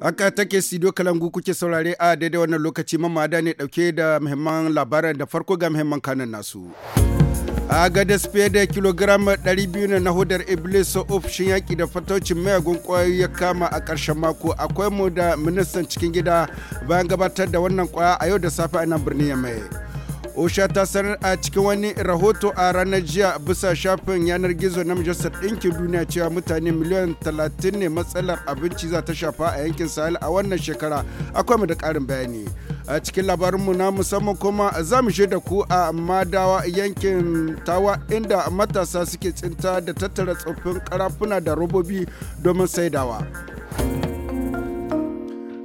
Haka take Sido Kalangu kuke saurare a daidai wannan lokaci mamada ne dauke da muhimman labaran da farko ga muhimman kanan nasu. A da fiye da kilogram 200 na hudar Iblis ofishin yaki da fataucin mayagun ƙwayoyi ya kama a ƙarshen mako akwai mu da ministan cikin gida bayan gabatar da wannan kwaya a yau da safe a nan birnin mai osha ta sanar a cikin wani rahoto a ranar jiya bisa shafin yanar gizo na majalisar ɗinkin duniya cewa mutane miliyan 30 ne matsalar abinci za ta shafa a yankin sahel a wannan shekara akwai mu da ƙarin bayani a cikin labarinmu na musamman kuma za mu da ku a madawa yankin tawa inda matasa suke tsinta da tattara tsoffin karafuna da robobi domin saidawa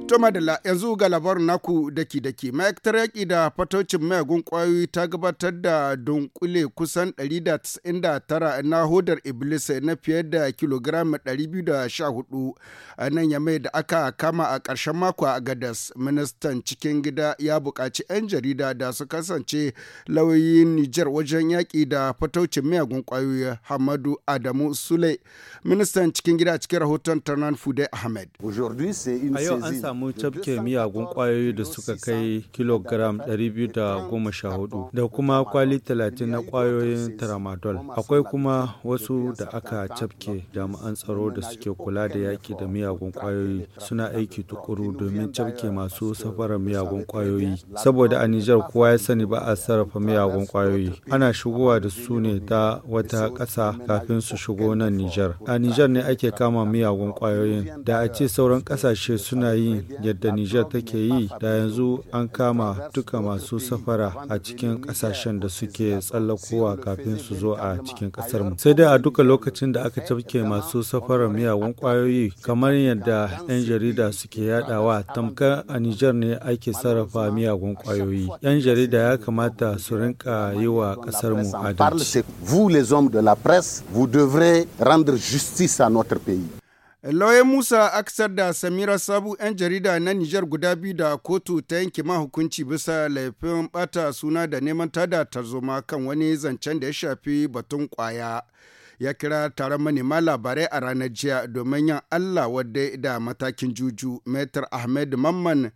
To madalla yanzu ga labar naku daki daki ma'aikatar yaƙi da fataucin mayagun ƙwayoyi ta gabatar da dunkule kusan 199 na hodar iblis na fiye da kilogram 214 a nan yamai da aka kama a ƙarshen mako a gadas ministan cikin gida ya buƙaci 'yan jarida da su kasance lauyoyin nijar wajen yaki da fataucin mayagun ƙwayoyi hamadu adamu sule ministan cikin gida cikin rahoton tarnan fude ahmed a yau an samu samu cafke miyagun kwayoyi da suka kai kilogram 214 da kuma kwali 30 na kwayoyin tramadol. Akwai kuma wasu da aka cafke jami'an tsaro da suke kula da yaki da miyagun kwayoyi suna aiki tukuru domin cafke masu safarar miyagun kwayoyi. Saboda a Nijar kowa ya sani ba a sarrafa miyagun kwayoyi. Ana shigowa da su ne ta wata ƙasa kafin su shigo nan Nijar. A Nijar ne ake kama miyagun kwayoyin da a ce sauran ƙasashe suna yin yadda Nijar take yi da yanzu an kama duka masu safara a cikin kasashen da suke tsallakowa kafin su zo a cikin kasar mu. Sai dai a duka lokacin da aka tafke masu safarar miyagun kwayoyi kamar yadda 'yan jarida suke yadawa tamkar a Nijar ne ake sarrafa miyagun kwayoyi 'Yan jarida ya kamata su rinka yi wa kasar mu adalci. Vous les hommes de la presse, vous devrez rendre justice à notre pays. lauyan musa aksar da samira sabu 'yan jarida na nijar guda biyu da kotu ta yanke ma hukunci bisa laifin bata suna da neman tada tarzoma kan wani zancen da ya shafi batun kwaya ya kira taron manema labarai a ranar jiya domin yin allah wadda da matakin juju metar ahmed mamman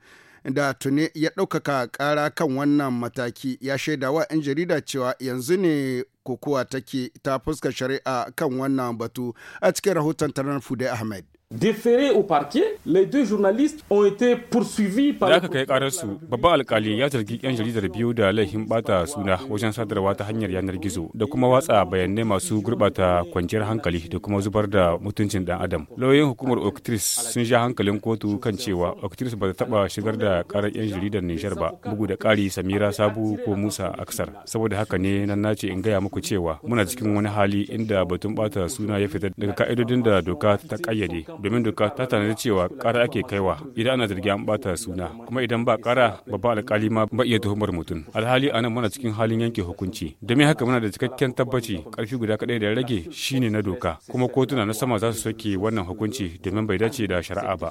da tuni ya ɗaukaka ƙara kan wannan mataki ya shaida wa 'yan jarida cewa yanzu ne kokowa take ta fuska shari'a kan wannan batu a cikin rahoton tanar fude ahmed déférés au parquet, les deux journalistes ont été poursuivis par. Da aka kai karar su, babban alkali ya zargi 'yan jaridar biyu da laifin bata suna wajen sadarwa ta hanyar yanar gizo da kuma watsa bayanai masu gurbata kwanciyar hankali da kuma zubar da mutuncin dan adam. Lauyoyin hukumar oktris sun sha hankalin kotu kan cewa oktris ba ta taba shigar da karar 'yan jaridar Nijar ba, bugu da kari Samira Sabu ko Musa Aksar. Saboda haka ne nan nace in gaya muku cewa muna cikin wani hali inda batun bata suna ya fita daga ka'idodin da doka ta kayyade. domin doka ta tanadi cewa kara ake kaiwa idan ana zargi an bata suna kuma idan ba ƙara babban alkali ma ba iya tuhumar mutum alhali anan muna cikin halin yanke hukunci domin haka muna da cikakken tabbaci karfi guda kaɗai da rage shine na doka kuma kotuna na sama za su soke wannan hukunci domin bai dace da shari'a ba.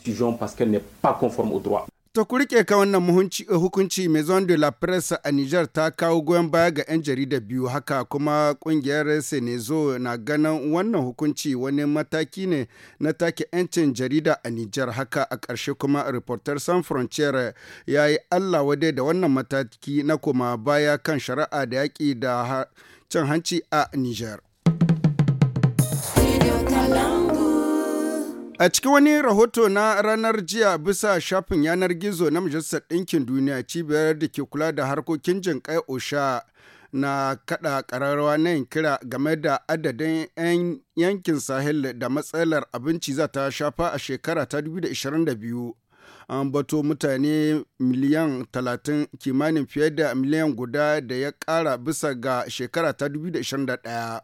To ku rike ka wannan eh, hukunci Maison de la Presse a Niger ta kawo goyon baya ga 'yan jarida biyu haka kuma kungiyar Senezo na ganin wannan hukunci wani mataki ne na take 'yancin jarida a Niger haka a ƙarshe kuma Reporter San Frontier ya yi Allah wadai da wannan mataki na kuma baya kan shari'a da yaƙi da cin hanci a Niger. A cikin wani rahoto na ranar jiya bisa shafin yanar gizo na Majalisar Ɗinkin Duniya cibiyar da ke kula da harkokin jin kai OSHA na kaɗa kararrawa na yin kira game da adadin 'yan yankin sahel da matsalar abinci za ta shafa a shekara ta 2022 an bato mutane miliyan 30 kimanin fiye da miliyan guda da ya ƙara bisa ga shekara ta 2021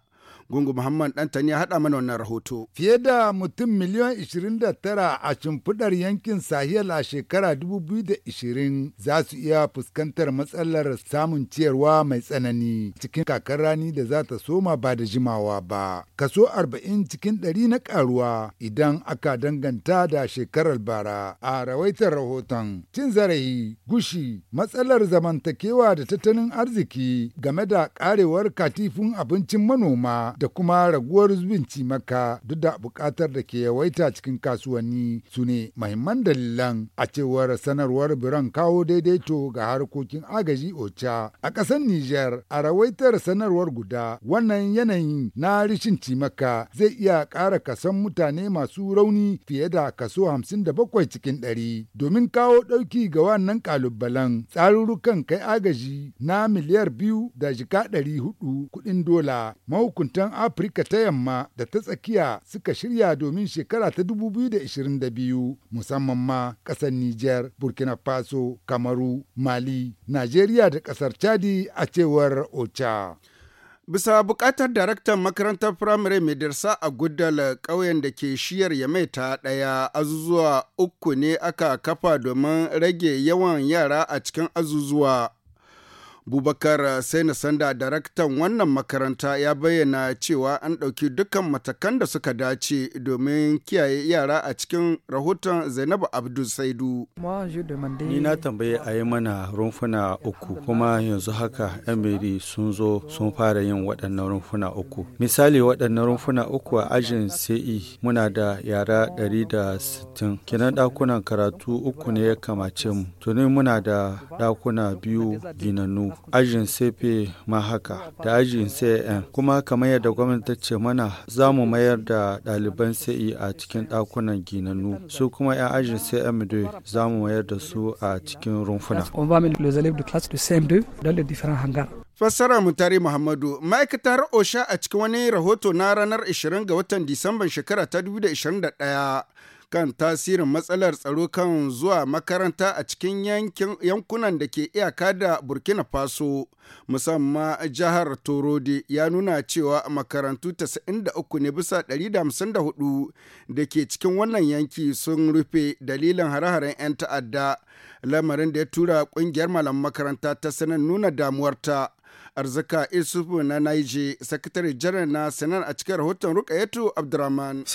Gungu Muhammad Dantani ya haɗa mana wannan rahoto. Fiye da mutum miliyan 29 a shimfiɗar yankin Sahel a shekara 2020 za su iya fuskantar matsalar samun ciyarwa mai tsanani cikin kakar rani da za ta soma ba da jimawa ba. Kaso 40 cikin 100 na karuwa idan aka danganta da shekarar bara a rawaitar rahoton. Cin zarafi, gushi, matsalar zamantakewa da tattalin arziki game da ƙarewar katifin abincin manoma da kuma raguwar zubin cimaka duk da bukatar da ke yawaita cikin kasuwanni su ne mahimman dalilan a cewar sanarwar biran kawo daidaito ga harkokin agaji ocha a ƙasar Nijar a rawaitar sanarwar guda wannan yanayin na rishin cimaka zai iya ƙara kasan mutane masu rauni fiye da kaso hamsin da bakwai cikin ɗari, domin kawo ɗauki ga wannan ƙalubalen tsarurrukan kai agaji na miliyar biyu da jika huɗu kuɗin dola mahukuntan yan Afirka ta yamma da ta tsakiya suka shirya domin shekara ta 2022 musamman ma ƙasar niger Burkina Faso, Kamaru, Mali, nigeria da kasar Chadi a cewar OCHA. Bisa bukatar daraktan makarantar firamare mai darsa a gudal ƙauyen da ke shiyar yamai ta ɗaya azuzuwa uku ne aka kafa domin rage yawan yara a cikin azuzuwa Bubakar eh, saina Sanda daraktan wannan makaranta ya bayyana cewa an ɗauki dukkan matakan da suka dace domin kiyaye yara a cikin rahoton Zainabu Abdul Saidu. Ni na tambaye a yi mana rumfuna uku kuma yanzu haka Emiri sun zo sun fara yin waɗannan rumfuna uku. Misali waɗannan rumfuna uku a ajin sai e, muna da yara ɗari 160 Kinan ɗakunan karatu uku ne ya kamace mu. Tuni muna da ɗakuna biyu ginannu ajin sefe ma haka da ajin CAN kuma kamar yadda gwamnati ta ce mana za mu mayar da ɗaliban sai a cikin ɗakunan ginannu su kuma 'yan ajin cm da za mu mayar da su a cikin rumfuna. Fassara Mutare Muhammadu, ma'aikatar OSHA a cikin wani rahoto na ranar 20 ga watan Disamban shekara ta 2021 kan tasirin matsalar tsaro kan zuwa makaranta a cikin yankunan da ke iyaka da burkina faso musamman jihar Torode ya nuna cewa makarantu 93 ne bisa 154 da ke cikin wannan yanki sun rufe dalilin hare-haren 'yan ta'adda lamarin da ya tura kungiyar malam makaranta ta sanar nuna damuwarta arzika isufu na naije sakatare janar na sanar a cikin rahoton rukayetu abdurrahman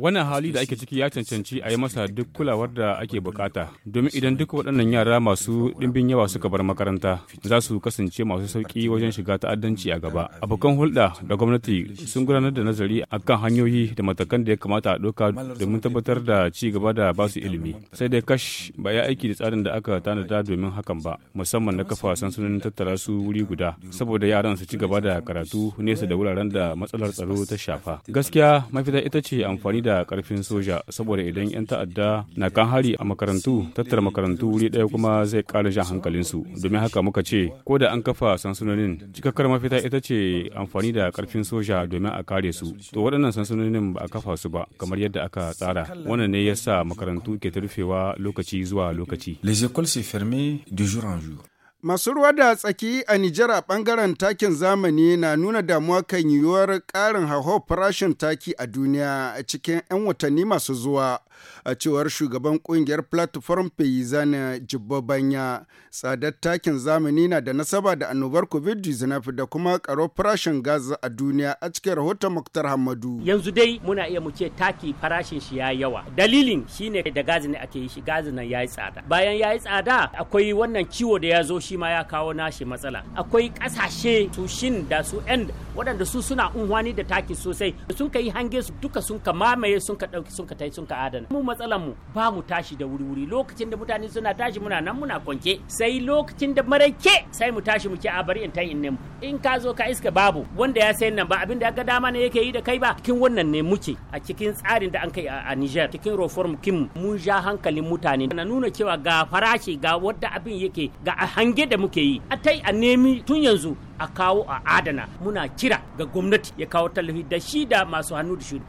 wannan hali da ake ciki ya cancanci a yi masa duk kulawar da ake bukata domin idan duk waɗannan yara masu ɗimbin yawa suka bar makaranta za su kasance masu sauƙi wajen shiga ta'addanci a gaba abokan hulɗa da gwamnati sun gudanar da nazari akan hanyoyi da matakan da ya kamata a ɗauka domin tabbatar da ci gaba da basu ilimi sai dai kash ba ya aiki da tsarin da aka tanada domin hakan ba musamman na kafa sansanonin tattara su wuri guda saboda yaran su ci gaba da karatu nesa da wuraren da matsalar tsaro ta shafa. Gaskiya mafita ita ce amfani da karfin soja saboda idan 'yan ta'adda na kan hari a makarantu tattara makarantu wuri ɗaya kuma zai ƙara jan su domin haka muka ce ko da an kafa sansunonin cikakkar mafita ita ce amfani da karfin soja domin a kare su to waɗannan sansunonin ba a kafa su ba kamar yadda aka tsara wannan ne yasa makarantu ke ta rufewa lokaci zuwa lokaci. Les écoles se ferment du jour en jour. Masu ruwa da tsaki a Nijar a ɓangaren takin zamani na nuna damuwa kan yiwuwar ƙarin hauhawar farashin taki a duniya cikin 'yan watanni masu zuwa. a cewar shugaban kungiyar platform payizana jibobanya tsadar takin zamani na da nasaba da annobar covid-19 da kuma karo farashin gas a duniya a cikin rahoton muktar hamadu yanzu dai muna iya mu ce taki farashin shi ya yawa dalilin shine da gazi ne ake yi shi gazi nan ya yi tsada bayan ya yi tsada akwai wannan ciwo da ya zo shi ma ya kawo nashi matsala akwai kasashe tushin da su end waɗanda su suna unhwani da taki sosai sun ka yi hange su duka sun ka mamaye sun ka ɗauki sun ka tai sun ka adana mu matsalan mu ba mu tashi da wuri-wuri lokacin da mutane suna tashi muna nan muna kwanke sai lokacin da marake sai mu tashi mu ce a bari in tan in nemo in ka zo ka iska babu wanda ya sayan nan ba abin da ga dama ne yake yi da kai ba cikin wannan ne muke a cikin tsarin da an kai a Niger cikin reform kim mun ja hankalin mutane na nuna cewa ga farashi ga wadda abin yake ga a hange da muke yi a tai a nemi tun yanzu a kawo a adana muna kira ga gwamnati ya kawo talafi da shi da masu hannu da shudi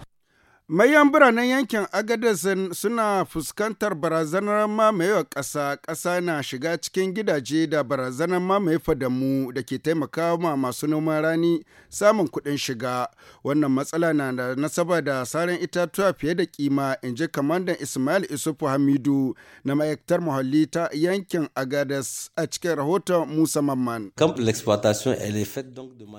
Mayan biranen yankin Agadez suna fuskantar barazanar mamayewa ƙasa, ƙasa na shiga cikin gidaje da barazanar mamaye fadamu da ke taimakawa ma masu noman rani samun kuɗin shiga. Wannan matsala na da nasaba da saran itatuwa fiye da kima, in ji kamandan Ismail Isufu Hamidu na ma'aikatar muhalli ta yankin Agadez a cikin rahoton Musa Mamman.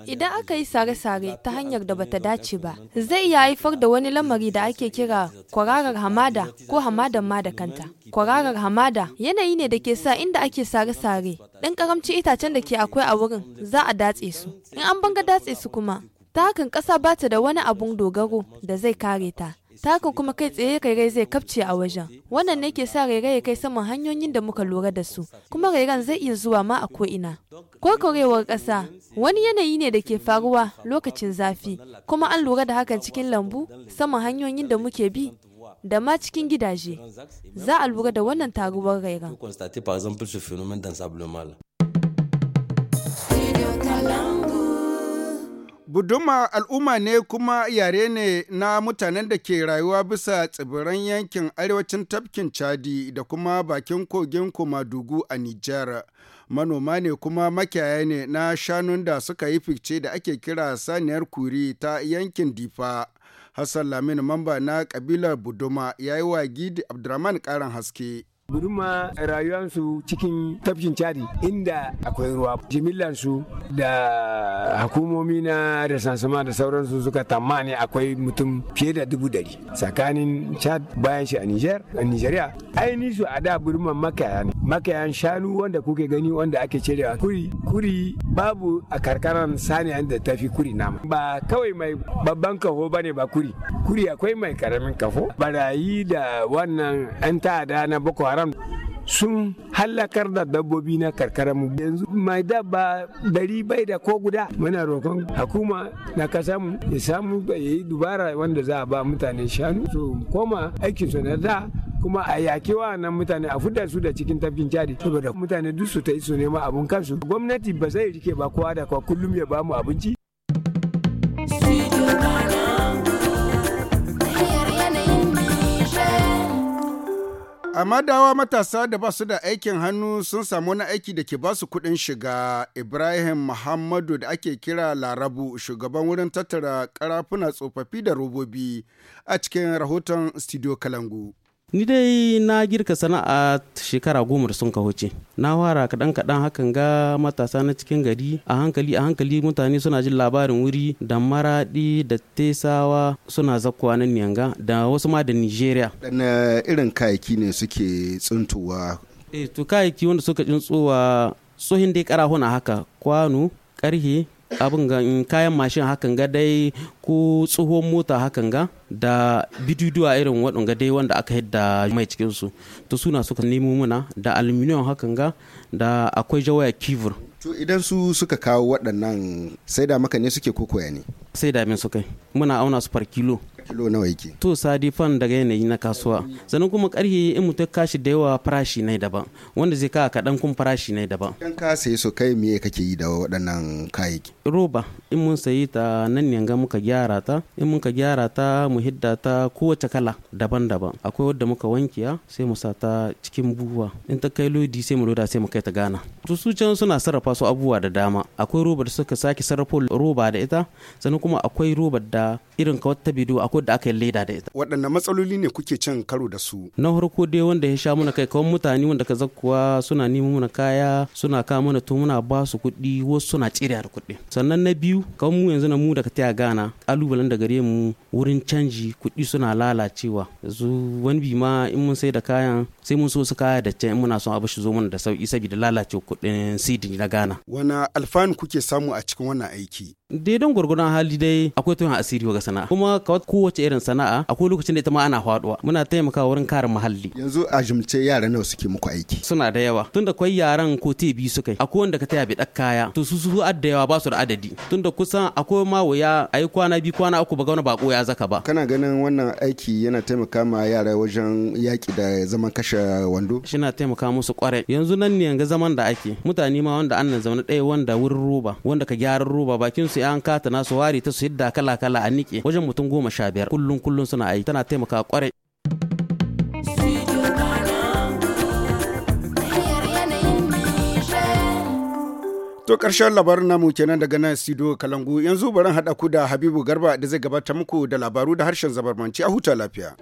Idan aka yi sare-sare ta hanyar da bata dace ba, zai iya haifar da wani lamari al'amari da ake kira kwararar hamada ko hamadan ma da kanta. Kwararar hamada yanayi ne da ke sa inda ake sare-sare ɗan karamci itacen da ke akwai a wurin za a datse su. In an banga datse su kuma, ta hakan ƙasa ba ta da wani abun dogaro da zai kare ta. Takan kuma kai tsaye rairai zai kafce a wajen. Wannan ne ke sa rairai ya kai saman hanyoyin da muka lura da su. Kuma rairan zai iya zuwa ma a ko'ina. Korkorewar ƙasa wani yanayi ne da ke faruwa lokacin zafi. Kuma an lura da hakan cikin lambu saman hanyoyin da muke bi da ma cikin gidaje. Za a lura da wannan taruwar rairan. Buduma al'umma ne kuma yare ne na mutanen da ke rayuwa bisa tsibiran yankin arewacin tafkin Chadi da kuma bakin kogin Komadugu a Nijar. Manoma ne kuma makiyaya ne na shanun da suka yi fice da ake kira saniyar kuri ta yankin Difa. Hassan Lamini mamba na kabilar Buduma ya yi wa Gidi Abdurrahman ƙarin haske. Burma rayuwarsu cikin tafkin cadi inda akwai ruwa. Jimillansu da hukumomi na da sansama da sauransu suka tamani akwai mutum fiye da dubu dari tsakanin chad bayan shi a niger a nigeria ainihin su a da burman makaya ne makayan shanu wanda kuke gani wanda ake cerewa kuri kuri babu a karkaran saniya da tafi kuri nama ba kawai mai babban kafo ba ne ba kuri kuri akwai mai karamin kafo barayi da wannan yan ta'ada na boko haram haram sun hallakar da dabbobi na karkara mu yanzu mai dabba dari bai da ko guda muna roƙon hakuma na kasa mu ya samu ya yi dubara wanda za a ba mutane shanu to koma aikin su na da kuma a yaki nan mutane a fudda su da cikin tafkin cadi saboda mutane duk su ta yi su nema abun kansu gwamnati ba zai rike ba kowa da kwa kullum ya bamu abinci Amma dawa matasa da ba su da aikin hannu sun samu wani aiki da ke ba su kuɗin shiga Ibrahim Muhammadu da ake kira Larabu shugaban wurin tattara karafuna tsofaffi da robobi a cikin rahoton Studio Kalangu. ni dai na girka sana'a shekara goma da sun wuce na fara kaɗan kaɗan hakan ga matasa na cikin gari a hankali a hankali mutane suna jin labarin wuri da maraɗi da tesawa suna zakuwa na niyanga da wasu ma da nigeria dan irin kayaki ne suke tsintuwa eh to kayaki wanda suka tsintsowa tsohin dai na haka kwano ƙarhe abin ga kayan mashin hakan ga dai ko tsohon mota hakan ga da bididuwa irin ga dai wanda aka yadda mai cikinsu su to suna suka nemo muna da aluminium hakan ga da akwai jawaya kivir to idan su suka kawo waɗannan sai da maka ne suke kokoya ne sai da min suka muna auna su par kilo kilo nawa yake to sadi fan daga yanayi na kasuwa sanin kuma karhi in ta kashi da yawa farashi ne daban wanda zai ka kadan kun farashi ne daban kan ka sai su kai me kake yi da waɗannan kayayyaki roba in mun sayi ta nan ne ga muka gyara ta in muka gyara ta mu hidda ta kowace kala daban-daban akwai wadda muka wankiya sai mu sa ta cikin buwa in ta kai lodi sai mu loda sai mu kai ta gana to su can suna sarrafa su abubuwa da dama akwai roba da suka sake sarrafa roba da ita sannan kuma akwai roba da irin ka wata bidu akwai da aka yi leda da ita waɗanne matsaloli ne kuke cin karo da su na farko dai wanda ya sha muna kai kawan mutane wanda ka zakkuwa suna neman muna kaya suna kawo mana to muna ba su kuɗi wasu suna tsiriya da kuɗi sannan na biyu kawan mu yanzu na mu daga taya gana kalubalen da gare mu wurin canji kuɗi suna lalacewa yanzu wani bi ma in mun sai da kayan sai mun so su kaya da can muna son abu shi zo mana da sauki sabida lalacewa kuɗin sidi na gana wana alfanu kuke samu a cikin wannan aiki daidan gwargwadon hali dai akwai tuyan asiri ga sana'a kuma kawai kowace irin sana'a akwai lokacin da ita ma ana faduwa muna taimaka wurin kare muhalli yanzu a jimce yara nawa suke muku aiki suna da yawa tunda kwai yaran ko te biyu su kai akwai wanda ka taya bi dak kaya to su su da yawa ba su da adadi tunda kusan akwai ma waya ayi kwana bi kwana uku ba gauna bako ya zaka ba kana ganin wannan aiki yana taimaka ma yara wajen yaki da zaman kashe wando na taimaka musu kwarai yanzu nan ne yanga zaman da ake mutane ma wanda annan zaune ɗaya wanda wurin roba wanda ka gyaran roba bakin su sai an kata nasu wari ta su hidda kala kala a nike wajen mutum goma sha biyar kullum kullum suna aiki tana taimaka kwarai To ƙarshen labarin namu kenan daga nan Sido Kalangu yanzu barin haɗa ku da Habibu Garba da zai gabatar muku da labaru da harshen zabarmanci a huta lafiya.